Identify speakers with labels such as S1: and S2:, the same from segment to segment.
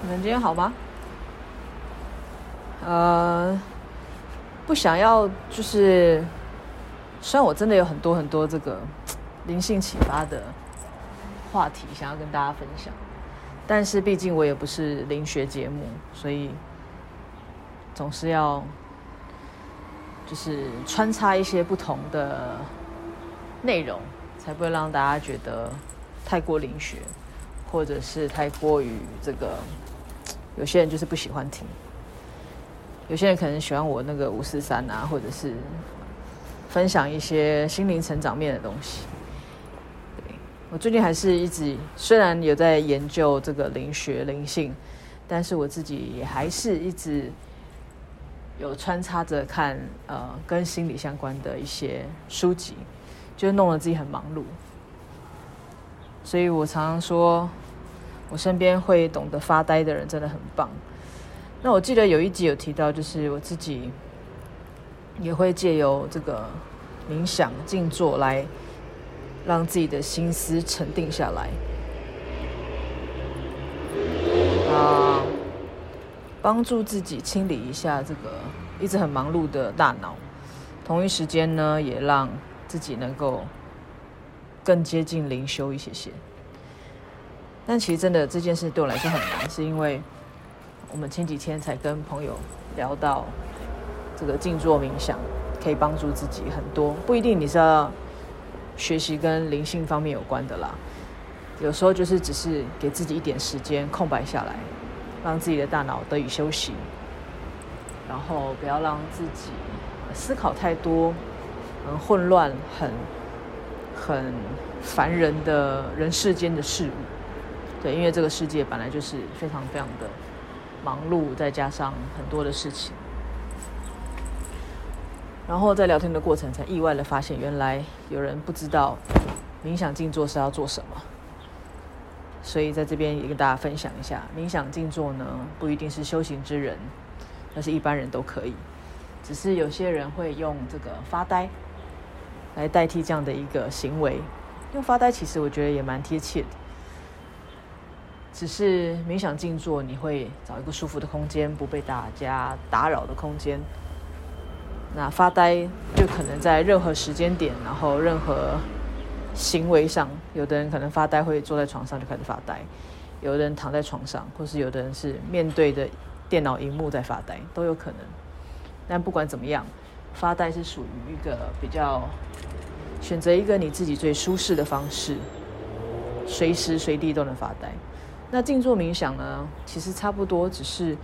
S1: 你們今天好嗎？呃、uh，不想要，就是雖然我真的有很多很多這個靈性啟發的話題想要跟大家分享，但是畢竟我也不是靈學節目，所以總是要就是穿插一些不同的內容，才不會讓大家覺得太過靈學。或者是太過於這個，有些人就是不喜歡聽，有些人可能喜歡我那個五四三啊，或者是分享一些心靈成長面的東西。對，我最近還是一直，雖然有在研究這個靈學靈性，但是我自己也還是一直有穿插着看呃跟心理相關的一些書籍，就是弄得自己很忙碌。所以我常常說，我身邊會懂得發呆的人真的很棒。那我記得有一集有提到，就是我自己也會借由這個冥想靜坐來讓自己的心思沉澱下來，啊，幫助自己清理一下這個一直很忙碌的大腦。同一時間呢，也讓自己能夠。更接近靈修一些些，但其實真的這件事對我來說很難，是因為我們前幾天才跟朋友聊到，這個靜坐冥想可以幫助自己很多，不一定你是要學習跟靈性方面有關的啦，有時候就是只是給自己一點時間空白下來，讓自己的大腦得以休息，然後不要讓自己思考太多，嗯，混亂很。很煩人的人世間的事物，對，因為這個世界本來就是非常非常的忙碌，再加上很多的事情。然後在聊天的過程，才意外的發現，原來有人不知道冥想靜坐是要做什麼。所以在這邊也跟大家分享一下，冥想靜坐呢，不一定是修行之人，但是一般人都可以，只是有些人會用這個發呆。來代替這樣的一個行為，因為發呆其實我覺得也蠻貼切的。只是冥想靜坐，你會找一個舒服的空間，不被大家打擾的空間。那發呆就可能在任何時間點，然後任何行為上，有的人可能發呆會坐在床上就開始發呆，有的人躺在床上，或是有的人是面對着電腦熒幕在發呆，都有可能。但不管怎麼樣。發呆是屬於一個比較選擇一個你自己最舒適的方式，隨時隨地都能發呆。那靜坐冥想呢？其實差不多，只是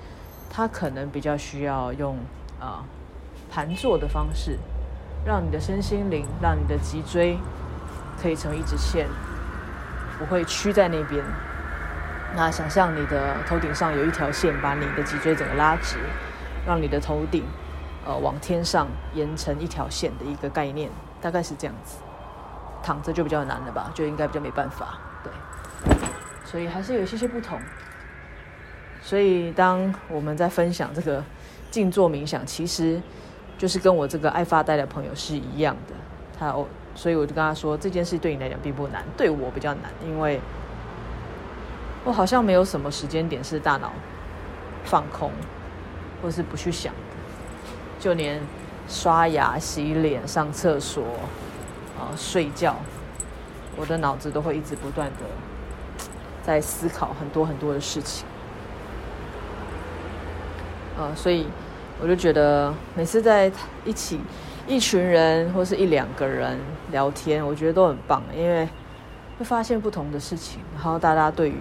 S1: 它可能比較需要用啊盤坐的方式，讓你的身心靈，讓你的脊椎可以呈一直線，不會曲在那邊。那想象你的頭頂上有一條線，把你的脊椎整個拉直，讓你的頭頂，呃，往天上延成一條線的一個概念，大概是這樣子。躺着就比較難了吧，就應該比較沒辦法。對，所以還是有一些些不同。所以當我們在分享這個靜坐冥想，其實就是跟我這個愛發呆的朋友是一樣的。他，哦，所以我就跟他說，這件事對你來講並不難，對我比較難，因為我好像沒有什麼時間點是大腦放空，或是不去想。就連刷牙、洗臉、上廁所，啊，睡覺，我的腦子都會一直不斷地在思考很多很多的事情。呃、嗯，所以我就覺得每次在一起一群人或是一兩個人聊天，我覺得都很棒，因為會發現不同的事情，然後大家對於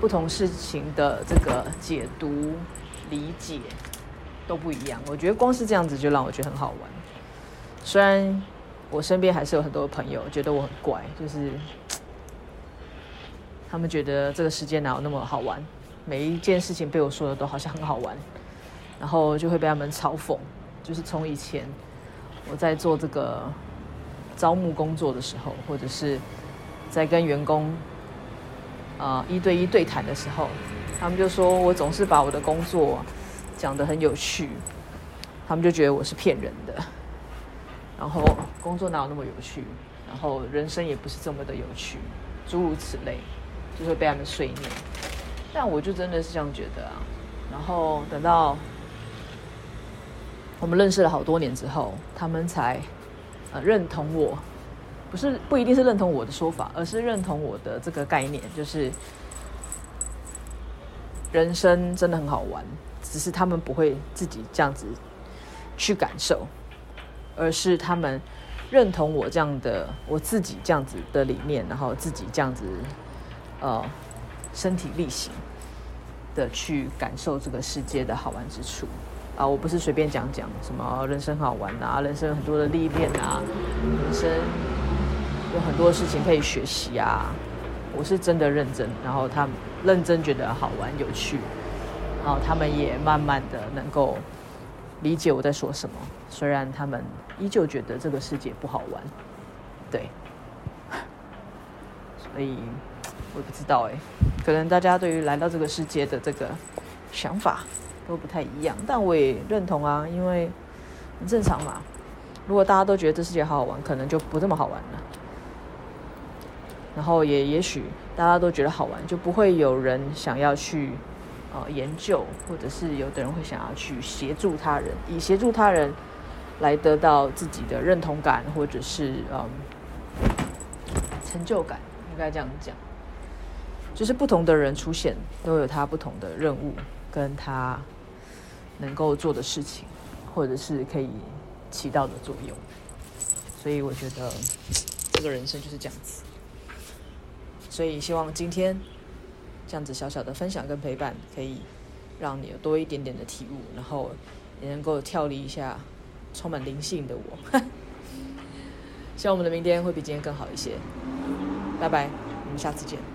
S1: 不同事情的這個解讀、理解。都不一樣，我覺得光是這樣子就讓我覺得很好玩。雖然我身邊還是有很多朋友覺得我很怪，就是他們覺得這個世界哪有那麼好玩，每一件事情被我說的都好像很好玩，然後就會被他們嘲諷。就是從以前我在做這個招募工作的時候，或者是在跟員工啊、呃、一對一對談的時候，他們就說我總是把我的工作講得很有趣，他們就覺得我是騙人的，然後工作哪有那麼有趣，然後人生也不是這麼的有趣，諸如此類，就會、是、被他們碎念。但我就真的是這樣覺得啊。然後等到我們認識了好多年之後，他們才呃認同我，不是不一定是認同我的說法，而是認同我的這個概念，就是人生真的很好玩。只是他們不會自己這樣子去感受，而是他們認同我這樣的我自己這樣子的理念，然後自己這樣子呃身體力行的去感受這個世界的好玩之處啊！我不是隨便講講，什麼人生好玩啊，人生有很多的歷練啊，人生有很多事情可以學習啊！我是真的認真，然後他們認真覺得好玩有趣。然後，他們也慢慢的能夠理解我在說什麼，雖然他們依舊覺得這個世界不好玩，對，所以我也不知道哎、欸，可能大家對於來到這個世界的這個想法都不太一樣，但我也認同啊，因為很正常嘛。如果大家都覺得這世界好好玩，可能就不這麼好玩了。然後也也許大家都覺得好玩，就不會有人想要去。呃，研究，或者是有的人會想要去協助他人，以協助他人來得到自己的認同感，或者是嗯，成就感，應該這樣講。就是不同的人出現，都有他不同的任務，跟他能夠做的事情，或者是可以起到的作用。所以我覺得，這個人生就是這樣子。所以希望今天，這樣子小小的分享跟陪伴，可以讓你有多一點點的體悟，然後也能夠跳離一下充滿靈性的我。 希望我們的明天會比今天更好一些。拜拜，我們下次見。